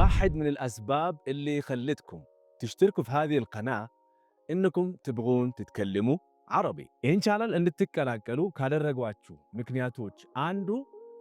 واحد من الأسباب اللي خلتكم تشتركوا في هذه القناة إنكم تبغون تتكلموا አረቢ ይህን ቻናል እንድትቀላቀሉ ካደረጓችሁ ምክንያቶች አንዱ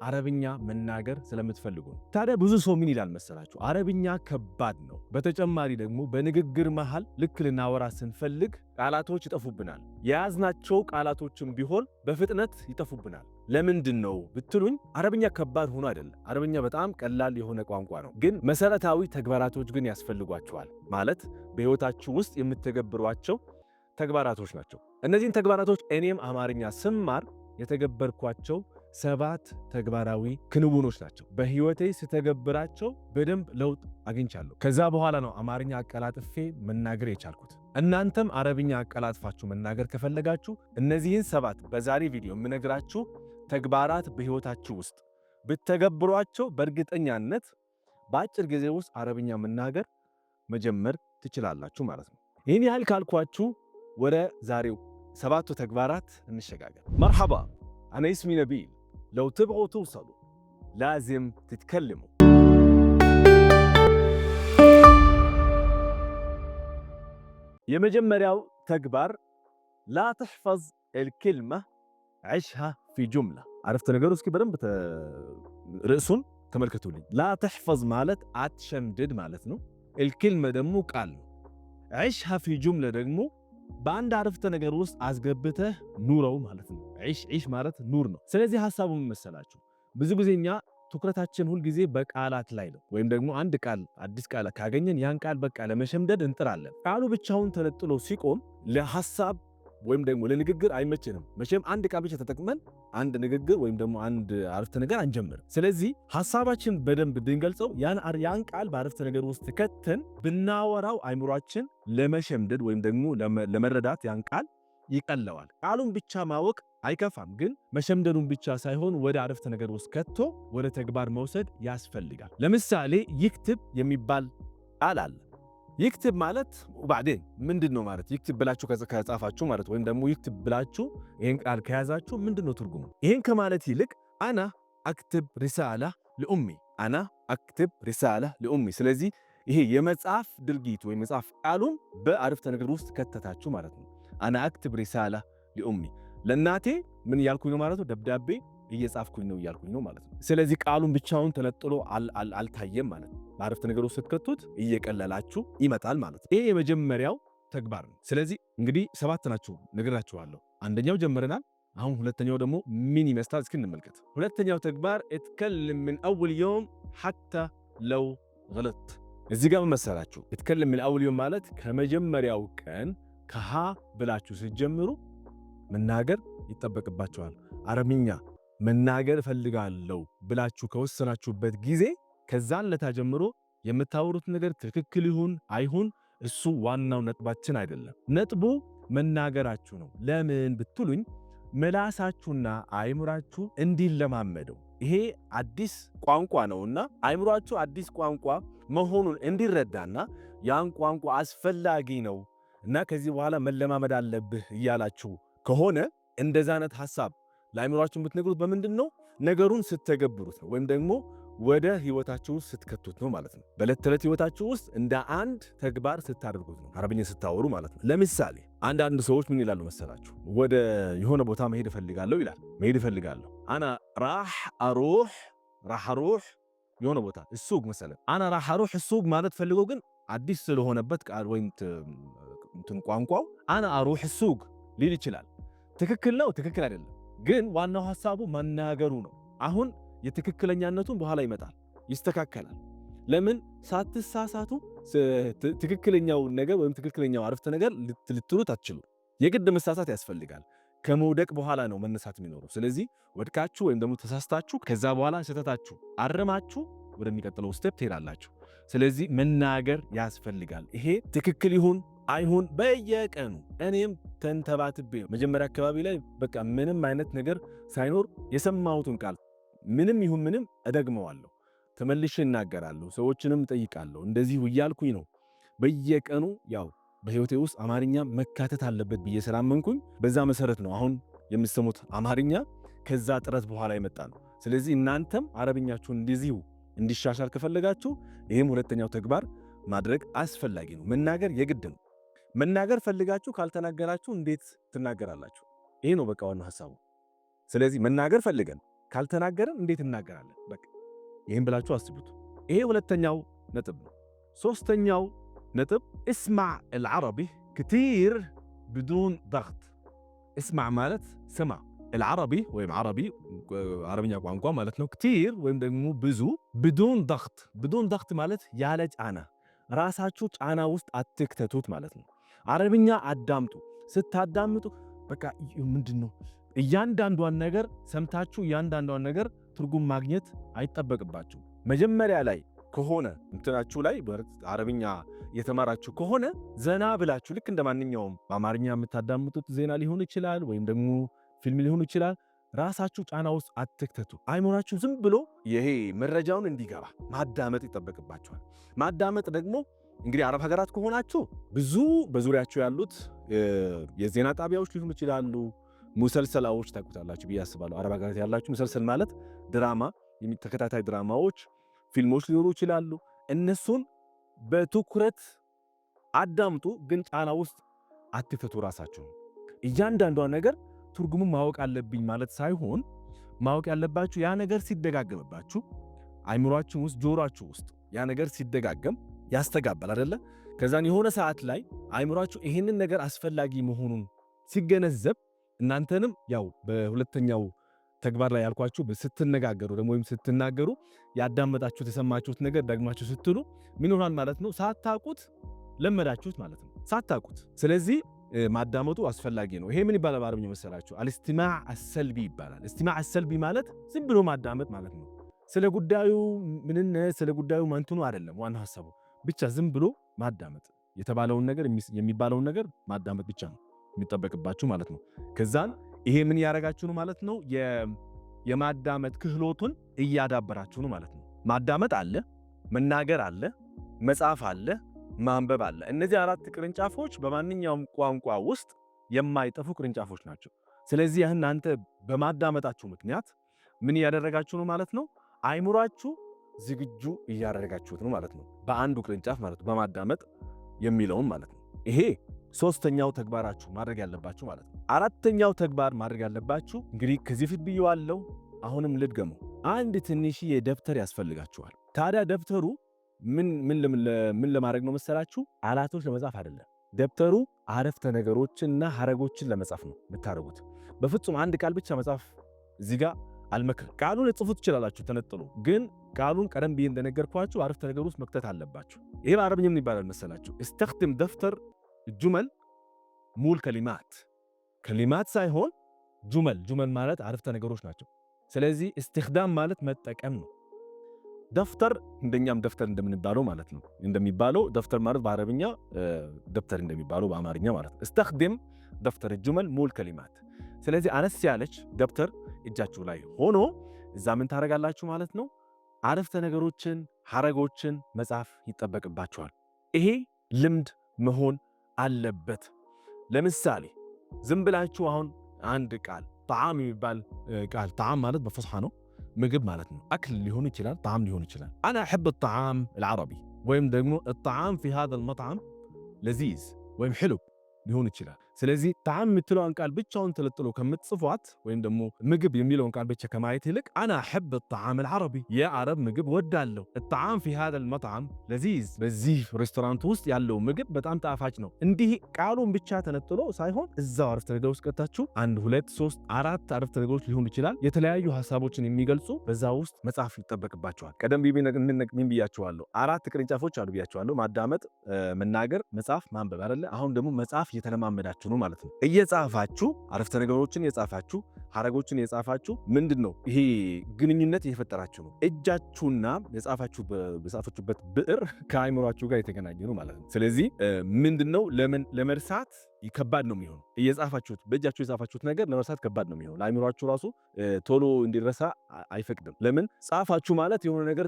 አረብኛ መናገር ስለምትፈልጉ ነው። ታዲያ ብዙ ሰው ምን ይላል መሰላችሁ? አረብኛ ከባድ ነው። በተጨማሪ ደግሞ በንግግር መሃል ልክ ልናወራ ስንፈልግ ቃላቶች ይጠፉብናል። የያዝናቸው ቃላቶችም ቢሆን በፍጥነት ይጠፉብናል። ለምንድን ነው ብትሉኝ አረብኛ ከባድ ሆኖ አይደለም። አረብኛ በጣም ቀላል የሆነ ቋንቋ ነው፣ ግን መሰረታዊ ተግባራቶች ግን ያስፈልጓቸዋል። ማለት በህይወታችሁ ውስጥ የምትገብሯቸው ተግባራቶች ናቸው። እነዚህን ተግባራቶች እኔም አማርኛ ስማር የተገበርኳቸው ሰባት ተግባራዊ ክንውኖች ናቸው። በህይወቴ ስተገብራቸው በደንብ ለውጥ አግኝቻለሁ። ከዛ በኋላ ነው አማርኛ አቀላጥፌ መናገር የቻልኩት። እናንተም አረብኛ አቀላጥፋችሁ መናገር ከፈለጋችሁ እነዚህን ሰባት በዛሬ ቪዲዮ የምነግራችሁ ተግባራት በሕይወታችሁ ውስጥ ብትተገብሯቸው በእርግጠኛነት በአጭር ጊዜ ውስጥ አረብኛ መናገር መጀመር ትችላላችሁ ማለት ነው። ይህን ያህል ካልኳችሁ ወደ ዛሬው ሰባቱ ተግባራት እንሸጋገር። መርሐባ አነ ስሚ ነቢል ለው ትብዑ ትውሰሉ ላዚም ትትከልሙ። የመጀመሪያው ተግባር ላ ተሕፈዝ አልክልማ ዕሽሃ ፊ ጁምላ አረፍተ ነገሩ እስኪ በደንብ ርዕሱን ተመልከቱልኝ ላ ተሕፈዝ ማለት አትሸምድድ ማለት ነው ልክልመ ደግሞ ቃል ነው ዒሽሃ ፊ ጁምላ ደግሞ በአንድ አረፍተ ነገር ውስጥ አስገብተህ ኑረው ማለት ነው ዒሽ ዒሽ ማለት ኑር ነው ስለዚህ ሀሳቡ መሰላችሁ ብዙ ጊዜ እኛ ትኩረታችን ሁልጊዜ በቃላት ላይ ነው። ወይም ደግሞ አንድ ቃል አዲስ ቃል ካገኘን ያን ቃል በቃ ለመሸምደድ እንጥራለን። ቃሉ ብቻውን ተለጥሎ ሲቆም ለሀሳብ ወይም ደግሞ ለንግግር አይመችንም። መቼም አንድ ቃል ብቻ ተጠቅመን አንድ ንግግር ወይም ደግሞ አንድ አረፍተ ነገር አንጀምር። ስለዚህ ሀሳባችን በደንብ ብንገልጸው ያን ቃል በአረፍተ ነገር ውስጥ ከተን ብናወራው አይምሯችን ለመሸምደድ ወይም ደግሞ ለመረዳት ያን ቃል ይቀለዋል። ቃሉን ብቻ ማወቅ አይከፋም፣ ግን መሸምደዱን ብቻ ሳይሆን ወደ አረፍተ ነገር ውስጥ ከቶ ወደ ተግባር መውሰድ ያስፈልጋል። ለምሳሌ ይክትብ የሚባል ቃል አለ። ይክትብ ማለት ባዕዴን ምንድን ነው ማለት ይክትብ ብላችሁ ከጻፋችሁ ማለት ወይም ደግሞ ይክትብ ብላችሁ ይህን ቃል ከያዛችሁ ምንድን ነው ትርጉሙ? ይህን ከማለት ይልቅ አና አክትብ ሪሳላ ለኡሚ አና አክትብ ሪሳላ ለኡሚ። ስለዚህ ይሄ የመጽሐፍ ድርጊት ወይም መጽሐፍ ቃሉን በአረፍተ ነገር ውስጥ ከተታችሁ ማለት ነው። አና አክትብ ሪሳላ ለኡሚ ለእናቴ ምን እያልኩኝ ነው ማለት ነው ደብዳቤ እየጻፍኩኝ ነው እያልኩኝ ነው ማለት ነው። ስለዚህ ቃሉን ብቻውን ተነጥሎ አልታየም ማለት ነው። በአረፍተ ነገር ውስጥ ስትከቱት እየቀለላችሁ ይመጣል ማለት ነው። ይሄ የመጀመሪያው ተግባር ነው። ስለዚህ እንግዲህ ሰባት ናችሁ ነግራችኋለሁ። አንደኛው ጀምረናል። አሁን ሁለተኛው ደግሞ ምን ይመስላል እስኪ እንመልከት። ሁለተኛው ተግባር እትከልም ምን አውል የውም ሐታ ለው ገለጥ እዚህ ጋር መሰላችሁ። እትከልም ምን አውል የውም ማለት ከመጀመሪያው ቀን ከሃ ብላችሁ ስትጀምሩ መናገር ይጠበቅባቸዋል። አረብኛ መናገር እፈልጋለሁ ብላችሁ ከወሰናችሁበት ጊዜ ከዛን ለታ ጀምሮ የምታወሩት ነገር ትክክል ይሁን አይሁን እሱ ዋናው ነጥባችን አይደለም። ነጥቡ መናገራችሁ ነው። ለምን ብትሉኝ ምላሳችሁና አይምራችሁ እንዲለማመደው ይሄ አዲስ ቋንቋ ነውና አይምሯችሁ አዲስ ቋንቋ መሆኑን እንዲረዳና ያን ቋንቋ አስፈላጊ ነው እና ከዚህ በኋላ መለማመድ አለብህ እያላችሁ ከሆነ እንደዛ አይነት ሐሳብ ለአእምሯችሁ የምትነግሩት በምንድን ነው? ነገሩን ስትተገብሩት ነው፣ ወይም ደግሞ ወደ ህይወታችሁ ውስጥ ስትከቱት ነው ማለት ነው። በዕለት ተዕለት ህይወታችሁ ውስጥ እንደ አንድ ተግባር ስታደርጉት ነው፣ አረብኛ ስታወሩ ማለት ነው። ለምሳሌ አንዳንድ ሰዎች ምን ይላሉ መሰላችሁ? ወደ የሆነ ቦታ መሄድ እፈልጋለሁ ይላል። መሄድ እፈልጋለሁ አና ራህ አሩህ ራህ አሩህ የሆነ ቦታ እሱግ መሰለ አና ራህ አሩህ እሱግ ማለት ፈልገው ግን አዲስ ስለሆነበት ቃል ወይም እንትን ቋንቋው አና አሩህ እሱግ ሊል ይችላል። ትክክል ነው፣ ትክክል አይደለም ግን ዋናው ሐሳቡ መናገሩ ነው። አሁን የትክክለኛነቱን በኋላ ይመጣል፣ ይስተካከላል። ለምን ሳትሳሳቱ ትክክለኛውን ነገር ወይም ትክክለኛው አረፍተ ነገር ልትሉት አትችሉ። የግድ መሳሳት ያስፈልጋል። ከመውደቅ በኋላ ነው መነሳት የሚኖረው። ስለዚህ ወድቃችሁ ወይም ደግሞ ተሳስታችሁ ከዛ በኋላ ስህተታችሁ አርማችሁ ወደሚቀጥለው ስቴፕ ትሄዳላችሁ። ስለዚህ መናገር ያስፈልጋል። ይሄ ትክክል ይሁን አይሁን በየቀኑ እኔም ተንተባትቤ መጀመሪያ አካባቢ ላይ በቃ ምንም አይነት ነገር ሳይኖር የሰማሁትን ቃል ምንም ይሁን ምንም እደግመዋለሁ፣ ተመልሼ እናገራለሁ፣ ሰዎችንም ጠይቃለሁ እንደዚሁ እያልኩኝ ነው በየቀኑ ያው በህይወቴ ውስጥ አማርኛ መካተት አለበት ብዬ ስላመንኩኝ በዛ መሰረት ነው አሁን የምትሰሙት አማርኛ ከዛ ጥረት በኋላ የመጣ ነው። ስለዚህ እናንተም አረብኛችሁን እንደዚሁ እንዲሻሻል ከፈለጋችሁ ይህም ሁለተኛው ተግባር ማድረግ አስፈላጊ ነው። መናገር የግድ ነው። መናገር ፈልጋችሁ ካልተናገራችሁ እንዴት ትናገራላችሁ? ይሄ ነው በቃ ዋናው ሀሳቡ። ስለዚህ መናገር ፈልገን ካልተናገርን እንዴት እናገራለን? በቃ ይህን ብላችሁ አስቡት። ይሄ ሁለተኛው ነጥብ ነው። ሶስተኛው ነጥብ እስማዕ አልዓረቢ ክቲር ብዱን ضغط እስማዕ ማለት ስማ፣ አልዓረቢ ወይም ዓረቢ አረብኛ ቋንቋ ማለት ነው። ክቲር ወይም ደግሞ ብዙ፣ ብዱን ضغط ብዱን ضغط ማለት ያለ ጫና ራሳችሁ ጫና ውስጥ አትክተቱት ማለት ነው። አረብኛ አዳምጡ። ስታዳምጡ በቃ ምንድን ነው እያንዳንዷን ነገር ሰምታችሁ እያንዳንዷን ነገር ትርጉም ማግኘት አይጠበቅባችሁ። መጀመሪያ ላይ ከሆነ እንትናችሁ ላይ አረብኛ የተማራችሁ ከሆነ ዘና ብላችሁ ልክ እንደ ማንኛውም በአማርኛ የምታዳምጡት ዜና ሊሆን ይችላል፣ ወይም ደግሞ ፊልም ሊሆን ይችላል። ራሳችሁ ጫና ውስጥ አትክተቱ። አይምራችሁ ዝም ብሎ ይሄ መረጃውን እንዲገባ ማዳመጥ ይጠበቅባችኋል። ማዳመጥ ደግሞ እንግዲህ አረብ ሀገራት ከሆናችሁ ብዙ በዙሪያችሁ ያሉት የዜና ጣቢያዎች ሊሆኑ ይችላሉ ሙሰልሰላዎች ታውቁታላችሁ ብዬ አስባለሁ። አረብ ሀገራት ያላችሁ ሙሰልሰል ማለት ድራማ፣ ተከታታይ ድራማዎች፣ ፊልሞች ሊኖሩ ይችላሉ። እነሱን በትኩረት አዳምጡ፣ ግን ጫና ውስጥ አትፈቱ። ራሳችሁ እያንዳንዷ ነገር ትርጉሙን ማወቅ አለብኝ ማለት ሳይሆን ማወቅ ያለባችሁ ያ ነገር ሲደጋገምባችሁ አይምሯችሁ ውስጥ ጆሯችሁ ውስጥ ያ ነገር ሲደጋገም ያስተጋባል አደለ? ከዛን የሆነ ሰዓት ላይ አይምሯችሁ ይሄንን ነገር አስፈላጊ መሆኑን ሲገነዘብ እናንተንም ያው በሁለተኛው ተግባር ላይ ያልኳችሁ ስትነጋገሩ ደግሞ ወይም ስትናገሩ ያዳመጣችሁት የሰማችሁት ነገር ደግማችሁ ስትሉ ምን ይሆናል ማለት ነው? ሳታቁት ለመዳችሁት ማለት ነው፣ ሳታቁት። ስለዚህ ማዳመጡ አስፈላጊ ነው። ይሄ ምን ይባላል በአረብኛ መሰላችሁ? አልስቲማዕ አሰልቢ ይባላል። እስቲማዕ አሰልቢ ማለት ዝም ብሎ ማዳመጥ ማለት ነው። ስለ ጉዳዩ ምንነት ስለ ጉዳዩ መንትኑ አይደለም ዋና ሀሳቡ ብቻ ዝም ብሎ ማዳመጥ የተባለውን ነገር የሚባለውን ነገር ማዳመጥ ብቻ ነው የሚጠበቅባችሁ ማለት ነው። ከዛን ይሄ ምን ያደረጋችሁ ነው ማለት ነው? የማዳመጥ ክህሎቱን እያዳበራችሁ ነው ማለት ነው። ማዳመጥ አለ፣ መናገር አለ፣ መጻፍ አለ፣ ማንበብ አለ። እነዚህ አራት ቅርንጫፎች በማንኛውም ቋንቋ ውስጥ የማይጠፉ ቅርንጫፎች ናቸው። ስለዚህ እናንተ በማዳመጣችሁ ምክንያት ምን እያደረጋችሁ ነው ማለት ነው? አይምሯችሁ ዝግጁ እያደረጋችሁት ነው ማለት ነው። በአንዱ ቅርንጫፍ ማለት ነው፣ በማዳመጥ የሚለውን ማለት ነው። ይሄ ሶስተኛው ተግባራችሁ ማድረግ ያለባችሁ ማለት ነው። አራተኛው ተግባር ማድረግ ያለባችሁ እንግዲህ ከዚህ ፊት ብየዋለሁ፣ አሁንም ልድገመው፣ አንድ ትንሽዬ ደብተር ያስፈልጋችኋል። ታዲያ ደብተሩ ምን ለማድረግ ነው መሰላችሁ? አላቶች ለመጻፍ አይደለም። ደብተሩ አረፍተ ነገሮችንና ሀረጎችን ለመጻፍ ነው የምታደርጉት። በፍጹም አንድ ቃል ብቻ መጻፍ እዚህ ጋር አልመክር ቃሉን ልጽፉት ትችላላችሁ ተነጥሎ፣ ግን ቃሉን ቀደም ብዬ እንደነገርኳችሁ አረፍተ ነገር ውስጥ መክተት አለባችሁ። ይህ በአረብኛ ምን ይባላል መሰላችሁ? እስተክድም ደፍተር ጁመል ሙል ከሊማት ከሊማት ሳይሆን ጁመል ጁመል ማለት አረፍተ ነገሮች ናቸው። ስለዚህ እስትክዳም ማለት መጠቀም ነው። ደፍተር እንደኛም ደፍተር እንደምንባለው ማለት ነው እንደሚባለው ደፍተር ማለት በአረብኛ ደብተር እንደሚባለው በአማርኛ ማለት ነው። እስተክድም ደፍተር ጁመል ሙል ከሊማት ስለዚህ አነስ ያለች ደብተር እጃችሁ ላይ ሆኖ እዛ ምን ታደርጋላችሁ ማለት ነው። አረፍተ ነገሮችን ሐረጎችን መጻፍ ይጠበቅባችኋል። ይሄ ልምድ መሆን አለበት። ለምሳሌ ዝም ብላችሁ አሁን አንድ ቃል ጣዕም የሚባል ቃል ጣዕም ማለት በፉስሓ ነው ምግብ ማለት ነው። አክል ሊሆን ይችላል፣ ጣዕም ሊሆን ይችላል። አና አሕብ ጣዓም አልዓረቢ ወይም ደግሞ ጣዓም ፊ ሃዛ አልመጥዓም ለዚዝ ወይም ሕሉብ ሊሆን ይችላል። ስለዚህ ጣዕም የምትለውን ቃል ብቻውን ተለጥሎ ከምትጽፏት ወይም ደግሞ ምግብ የሚለውን ቃል ብቻ ከማየት ይልቅ አና አሕብ ጣዓም አልዓረቢ የአረብ ምግብ ወዳለሁ። ጣዓም ፊ ሃዛ ልመጣዓም ለዚዝ፣ በዚህ ሬስቶራንት ውስጥ ያለው ምግብ በጣም ጣፋጭ ነው። እንዲህ ቃሉን ብቻ ተነጥሎ ሳይሆን እዛው አረፍተ ነገር ውስጥ ቀታችሁ አንድ ሁለት ሶስት አራት አረፍተ ነገሮች ሊሆን ይችላል የተለያዩ ሀሳቦችን የሚገልጹ በዛ ውስጥ መጽሐፍ ይጠበቅባቸዋል። ቀደም ምን ብያችኋለሁ? አራት ቅርንጫፎች አሉ ብያችኋለሁ። ማዳመጥ፣ መናገር፣ መጽሐፍ፣ ማንበብ አይደለ? አሁን ደግሞ መጽሐፍ እየተለማመዳችሁ የምትችሉ ማለት ነው። እየጻፋችሁ አረፍተ ነገሮችን የጻፋችሁ ሀረጎችን የጻፋችሁ ምንድን ነው ይሄ ግንኙነት እየፈጠራችሁ ነው። እጃችሁና የጻፋችሁበት ብዕር ከአይምሯችሁ ጋር የተገናኘ ነው ማለት ነው። ስለዚህ ምንድን ነው ለመርሳት ከባድ ነው የሚሆነው። እየጻፋችሁት በእጃችሁ የጻፋችሁት ነገር ለመርሳት ከባድ ነው የሚሆነው። ለአይምሯችሁ ራሱ ቶሎ እንዲረሳ አይፈቅድም። ለምን ጻፋችሁ ማለት የሆነ ነገር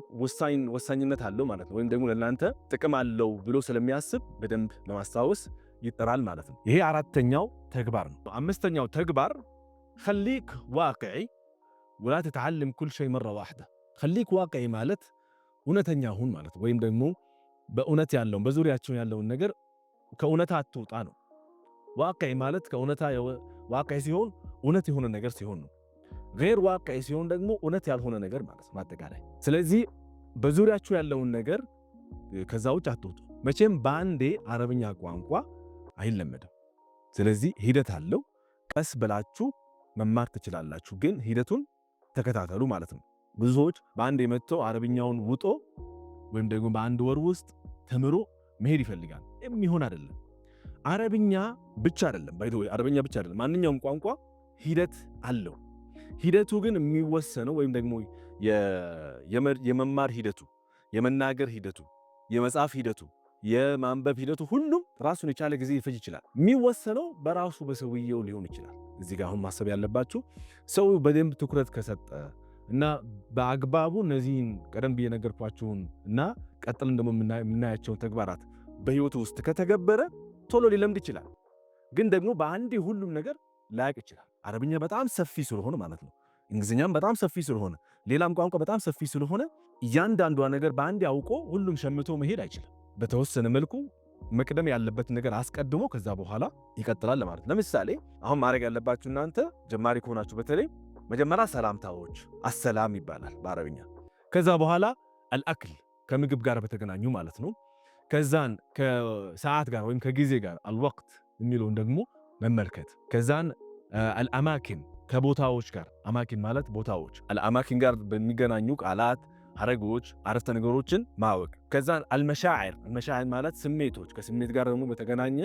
ወሳኝነት አለው ማለት ነው፣ ወይም ደግሞ ለእናንተ ጥቅም አለው ብሎ ስለሚያስብ በደንብ ለማስታወስ ይጠራል ማለት ነው። ይሄ አራተኛው ተግባር ነው። አምስተኛው ተግባር ከሊክ ዋቅዒ ወላ ተተዓለም ኩል ሸይ መራ ዋሕዳ። ከሊክ ዋቅዒ ማለት እውነተኛ ሁን ማለት ወይም ደግሞ በእውነት ያለውን በዙሪያቸው ያለውን ነገር ከእውነታ አትውጣ ነው። ዋቅዒ ማለት ከእውነታ ዋቅዒ ሲሆን እውነት የሆነ ነገር ሲሆን ነው። ገይር ዋቅዒ ሲሆን ደግሞ እውነት ያልሆነ ነገር ማለት ነው ስለዚህ በዙሪያችሁ ያለውን ነገር ከዛ ውጭ አትውጡ። መቼም በአንዴ አረብኛ ቋንቋ አይለመድም። ስለዚህ ሂደት አለው። ቀስ ብላችሁ መማር ትችላላችሁ፣ ግን ሂደቱን ተከታተሉ ማለት ነው። ብዙ ሰዎች በአንድ የመጥቶ አረብኛውን ውጦ ወይም ደግሞ በአንድ ወር ውስጥ ተምሮ መሄድ ይፈልጋል። የሚሆን አይደለም። አረብኛ ብቻ አይደለም ባይ አረብኛ ብቻ አይደለም። ማንኛውም ቋንቋ ሂደት አለው። ሂደቱ ግን የሚወሰነው ወይም ደግሞ የመማር ሂደቱ፣ የመናገር ሂደቱ፣ የመጻፍ ሂደቱ የማንበብ ሂደቱ ሁሉም ራሱን የቻለ ጊዜ ይፈጅ ይችላል። የሚወሰነው በራሱ በሰውየው ሊሆን ይችላል። እዚህ ጋር አሁን ማሰብ ያለባችሁ ሰው በደንብ ትኩረት ከሰጠ እና በአግባቡ እነዚህን ቀደም ብዬ ነገርኳችሁን እና ቀጥልን ደግሞ የምናያቸውን ተግባራት በህይወቱ ውስጥ ከተገበረ ቶሎ ሊለምድ ይችላል። ግን ደግሞ በአንዴ ሁሉም ነገር ላያቅ ይችላል። አረብኛ በጣም ሰፊ ስለሆነ ማለት ነው። እንግሊዝኛም በጣም ሰፊ ስለሆነ፣ ሌላም ቋንቋ በጣም ሰፊ ስለሆነ እያንዳንዷ ነገር በአንዴ አውቆ ሁሉም ሸምቶ መሄድ አይችልም። በተወሰነ መልኩ መቅደም ያለበትን ነገር አስቀድሞ ከዛ በኋላ ይቀጥላል ነው። ለምሳሌ አሁን ማድረግ ያለባችሁ እናንተ ጀማሪ ከሆናችሁ በተለይ መጀመሪያ ሰላምታዎች አሰላም ይባላል በአረብኛ። ከዛ በኋላ አልአክል ከምግብ ጋር በተገናኙ ማለት ነው። ከዛን ከሰዓት ጋር ወይም ከጊዜ ጋር አልወቅት የሚለውን ደግሞ መመልከት። ከዛን አልአማኪን ከቦታዎች ጋር አማኪን ማለት ቦታዎች፣ አልአማኪን ጋር በሚገናኙ ቃላት ሀረጎች፣ አረፍተ ነገሮችን ማወቅ ከዛ አልመሻዕር አልመሻዕር ማለት ስሜቶች፣ ከስሜት ጋር ደግሞ በተገናኘ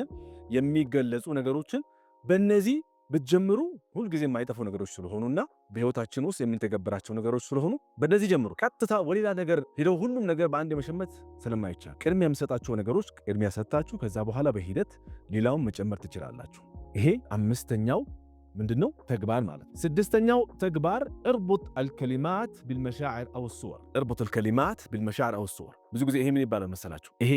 የሚገለጹ ነገሮችን በእነዚህ ብትጀምሩ ሁልጊዜ የማይጠፉ ነገሮች ስለሆኑና በህይወታችን ውስጥ የምንተገበራቸው ነገሮች ስለሆኑ በእነዚህ ጀምሩ። ቀጥታ ወሌላ ነገር ሄደው ሁሉም ነገር በአንድ የመሸመት ስለማይቻል ቅድሚያ የምሰጣቸው ነገሮች ቅድሚያ ሰጣችሁ፣ ከዛ በኋላ በሂደት ሌላውን መጨመር ትችላላችሁ። ይሄ አምስተኛው ምንድነው? ተግባር ማለት ነው። ስድስተኛው ተግባር እርቡጥ አልከሊማት ቢልመሻዕር አው ሱወር። እርቡጥ አልከሊማት ቢልመሻዕር አው ሱወር። ብዙ ጊዜ ይሄ ምን ይባላል መሰላችሁ? ይሄ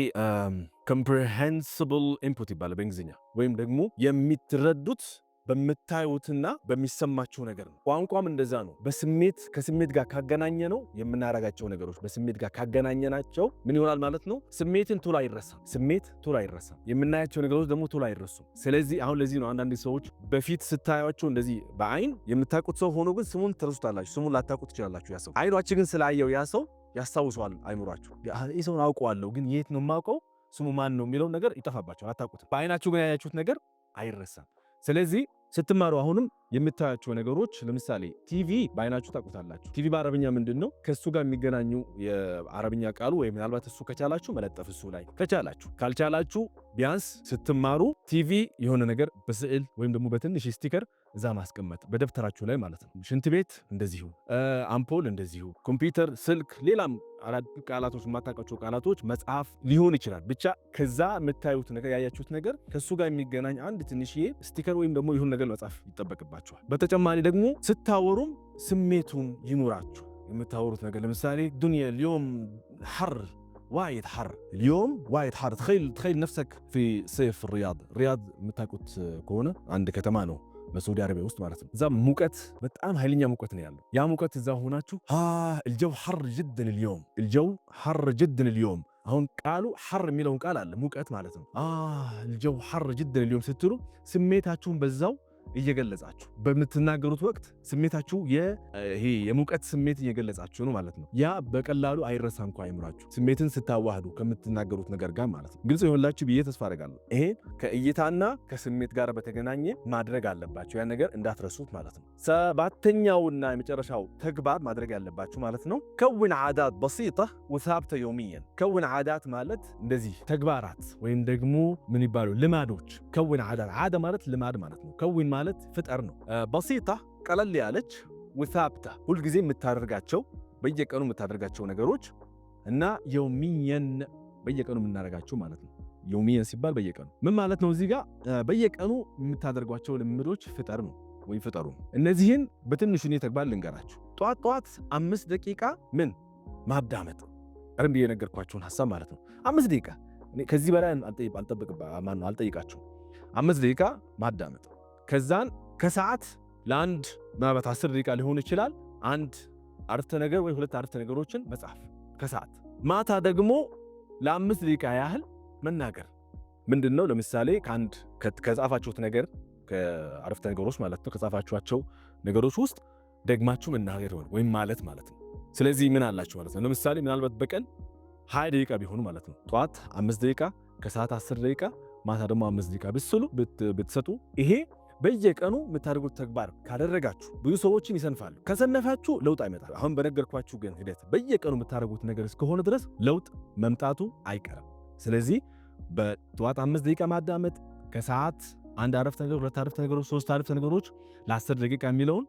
ኮምፕሬሄንስብል ኢንፑት ይባላል በእንግሊዝኛ ወይም ደግሞ የሚትረዱት በምታዩትና በሚሰማችሁ ነገር ነው። ቋንቋም እንደዛ ነው። በስሜት ከስሜት ጋር ካገናኘ ነው የምናረጋቸው ነገሮች በስሜት ጋር ካገናኘ ናቸው ምን ይሆናል ማለት ነው። ስሜትን ቶሎ አይረሳም። ስሜት ቶሎ አይረሳም። የምናያቸው ነገሮች ደግሞ ቶሎ አይረሱም። ስለዚህ አሁን ለዚህ ነው አንዳንድ ሰዎች በፊት ስታያቸው እንደዚህ በአይን የምታውቁት ሰው ሆኖ ግን ስሙን ትረሱታላችሁ። ስሙን ላታውቁ ትችላላችሁ። ያ ሰው አይኗችሁ ግን ስላየው ያ ሰው ያስታውሰዋል። አይምሯችሁ ይህ ሰውን አውቀዋለሁ ግን የት ነው የማውቀው ስሙ ማን ነው የሚለው ነገር ይጠፋባቸዋል። አታውቁትም። በአይናችሁ ግን ያያችሁት ነገር አይረሳም። ስለዚህ ስትማሩ አሁንም የምታያቸው ነገሮች ለምሳሌ ቲቪ በአይናችሁ ታውቁታላችሁ። ቲቪ በአረብኛ ምንድን ነው? ከእሱ ጋር የሚገናኙ የአረብኛ ቃሉ ወይም ምናልባት እሱ ከቻላችሁ መለጠፍ እሱ ላይ ከቻላችሁ፣ ካልቻላችሁ ቢያንስ ስትማሩ ቲቪ የሆነ ነገር በስዕል ወይም ደግሞ በትንሽ ስቲከር እዛ ማስቀመጥ በደብተራችሁ ላይ ማለት ነው። ሽንት ቤት እንደዚሁ፣ አምፖል እንደዚሁ፣ ኮምፒውተር፣ ስልክ፣ ሌላም አዳዲስ ቃላቶች የማታውቃቸው ቃላቶች መጽሐፍ ሊሆን ይችላል። ብቻ ከዛ የምታዩት ነገር ያያችሁት ነገር ከእሱ ጋር የሚገናኝ አንድ ትንሽዬ ስቲከር ወይም ደግሞ ይሁን ነገር መጽሐፍ ይጠበቅባቸዋል በተጨማሪ ደግሞ ስታወሩም ስሜቱን ይኑራችሁ የምታወሩት ነገር ለምሳሌ ዱንያ ሊዮም ሐር ዋይት ሐር ሊዮም ዋይት ሐር ትኸይል ነፍሰክ ፊ ሰይፍ ሪያድ ሪያድ የምታውቁት ከሆነ አንድ ከተማ ነው በሳውዲ አረቢያ ውስጥ ማለት ነው። እዛ ሙቀት በጣም ኃይለኛ ሙቀት ነው ያለው። ያ ሙቀት እዛ ሆናችሁ እልጀው ሐር ጅድን ልዮም እልጀው ሐር ጅድን ልዮም አሁን ቃሉ ሐር የሚለውን ቃል አለ ሙቀት ማለት ነው። እልጀው ሐር ጅድን ልዮም ስትሉ ስሜታችሁን በዛው እየገለጻችሁ በምትናገሩት ወቅት ስሜታችሁ ይሄ የሙቀት ስሜት እየገለጻችሁ ነው ማለት ነው። ያ በቀላሉ አይረሳ እንኳ አይምራችሁ ስሜትን ስታዋህዱ ከምትናገሩት ነገር ጋር ማለት ነው። ግልጽ የሆንላችሁ ብዬ ተስፋ አደርጋለሁ። ይሄ ከእይታና ከስሜት ጋር በተገናኘ ማድረግ አለባቸው ያ ነገር እንዳትረሱት ማለት ነው። ሰባተኛውና የመጨረሻው ተግባር ማድረግ ያለባችሁ ማለት ነው ከውን ዓዳት በሲጣ ወሳብተ ዮሚየን ከውን ዓዳት ማለት እንደዚህ ተግባራት ወይም ደግሞ ምን ይባሉ ልማዶች ከውን ዓዳት ዓዳ ማለት ልማድ ማለት ነው ከውን ማለት ፍጠር ነው። በሲታ ቀለል ያለች ወሳብታ፣ ሁልጊዜ የምታደርጋቸው በየቀኑ የምታደርጋቸው ነገሮች እና የውሚየን በየቀኑ የምናደርጋቸው ማለት ነው። የውሚየን ሲባል በየቀኑ ምን ማለት ነው? እዚህ ጋር በየቀኑ የምታደርጓቸው ልምዶች ፍጠር ነው ወይ ፍጠሩ። እነዚህን በትንሹ እኔ ተግባር ልንገራችሁ። ጠዋት ጠዋት አምስት ደቂቃ ምን ማዳመጥ፣ ቀደም ብዬ የነገርኳችሁን ሀሳብ ማለት ነው። አምስት ደቂቃ ከዚህ በላይ አልጠይቃችሁም። አምስት ደቂቃ ማዳመጥ ከዛን ከሰዓት ለአንድ ምናልባት አስር ደቂቃ ሊሆን ይችላል አንድ አረፍተ ነገር ወይ ሁለት አርፍተ ነገሮችን መጻፍ ከሰዓት። ማታ ደግሞ ለአምስት ደቂቃ ያህል መናገር ምንድን ነው። ለምሳሌ ከአንድ ከጻፋችሁት ነገር ከአርፍተ ነገሮች ማለት ነው ከጻፋችኋቸው ነገሮች ውስጥ ደግማችሁ መናገር ሆነ ወይም ማለት ማለት ነው። ስለዚህ ምን አላችሁ ማለት ነው። ለምሳሌ ምናልባት በቀን ሀያ ደቂቃ ቢሆኑ ማለት ነው ጠዋት አምስት ደቂቃ ከሰዓት አስር ደቂቃ ማታ ደግሞ አምስት ደቂቃ ብትስሉ ብትሰጡ ይሄ በየቀኑ የምታደርጉት ተግባር ካደረጋችሁ ብዙ ሰዎችን ይሰንፋሉ። ከሰነፋችሁ ለውጥ አይመጣል። አሁን በነገርኳችሁ ግን ሂደት በየቀኑ የምታደርጉት ነገር እስከሆነ ድረስ ለውጥ መምጣቱ አይቀርም። ስለዚህ በጠዋት አምስት ደቂቃ ማዳመጥ ከሰዓት አንድ አረፍተ ነገር፣ ሁለት አረፍተ ነገሮች፣ ሶስት አረፍተ ነገሮች ለአስር ደቂቃ የሚለውን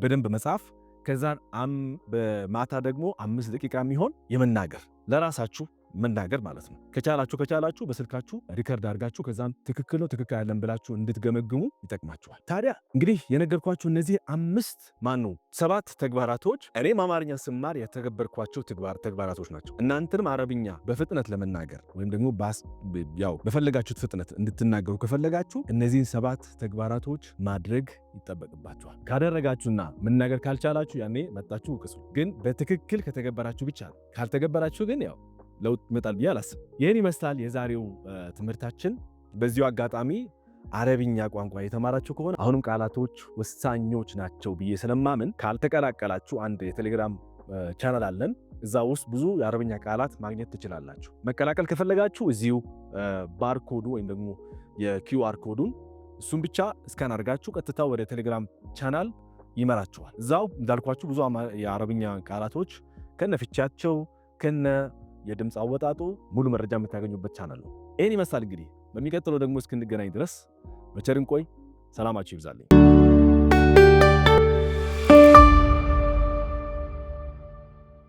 በደንብ መጻፍ ከዛን በማታ ደግሞ አምስት ደቂቃ የሚሆን የመናገር ለራሳችሁ መናገር ማለት ነው። ከቻላችሁ ከቻላችሁ በስልካችሁ ሪከርድ አድርጋችሁ ከዛም ትክክል ነው ትክክል አይደለም ብላችሁ እንድትገመግሙ ይጠቅማችኋል። ታዲያ እንግዲህ የነገርኳችሁ እነዚህ አምስት ማኑ ሰባት ተግባራቶች እኔም አማርኛ ስማር የተገበርኳቸው ተግባራቶች ናቸው። እናንተንም አረብኛ በፍጥነት ለመናገር ወይም ደግሞ ያው በፈለጋችሁት ፍጥነት እንድትናገሩ ከፈለጋችሁ እነዚህን ሰባት ተግባራቶች ማድረግ ይጠበቅባችኋል። ካደረጋችሁና መናገር ካልቻላችሁ ያኔ መጣችሁ ውቅሱ። ግን በትክክል ከተገበራችሁ ብቻ ነው። ካልተገበራችሁ ግን ያው ለውጥ ይመጣል ብዬ አላስብ። ይህን ይመስላል የዛሬው ትምህርታችን። በዚሁ አጋጣሚ አረብኛ ቋንቋ የተማራችሁ ከሆነ አሁንም ቃላቶች ወሳኞች ናቸው ብዬ ስለማምን ካልተቀላቀላችሁ አንድ የቴሌግራም ቻናል አለን። እዛ ውስጥ ብዙ የአረብኛ ቃላት ማግኘት ትችላላችሁ። መቀላቀል ከፈለጋችሁ እዚሁ ባርኮዱ ወይም ደግሞ የኪውአር ኮዱን እሱም ብቻ እስካን አድርጋችሁ ቀጥታ ወደ ቴሌግራም ቻናል ይመራችኋል። እዛው እንዳልኳችሁ ብዙ የአረብኛ ቃላቶች ከነ ፍቻቸው ከነ የድምፅ አወጣጡ ሙሉ መረጃ የምታገኙበት ቻናል ነው። ይህን ይመስላል እንግዲህ። በሚቀጥለው ደግሞ እስክንገናኝ ድረስ በቸር እንቆይ። ሰላማችሁ ይብዛልኝ።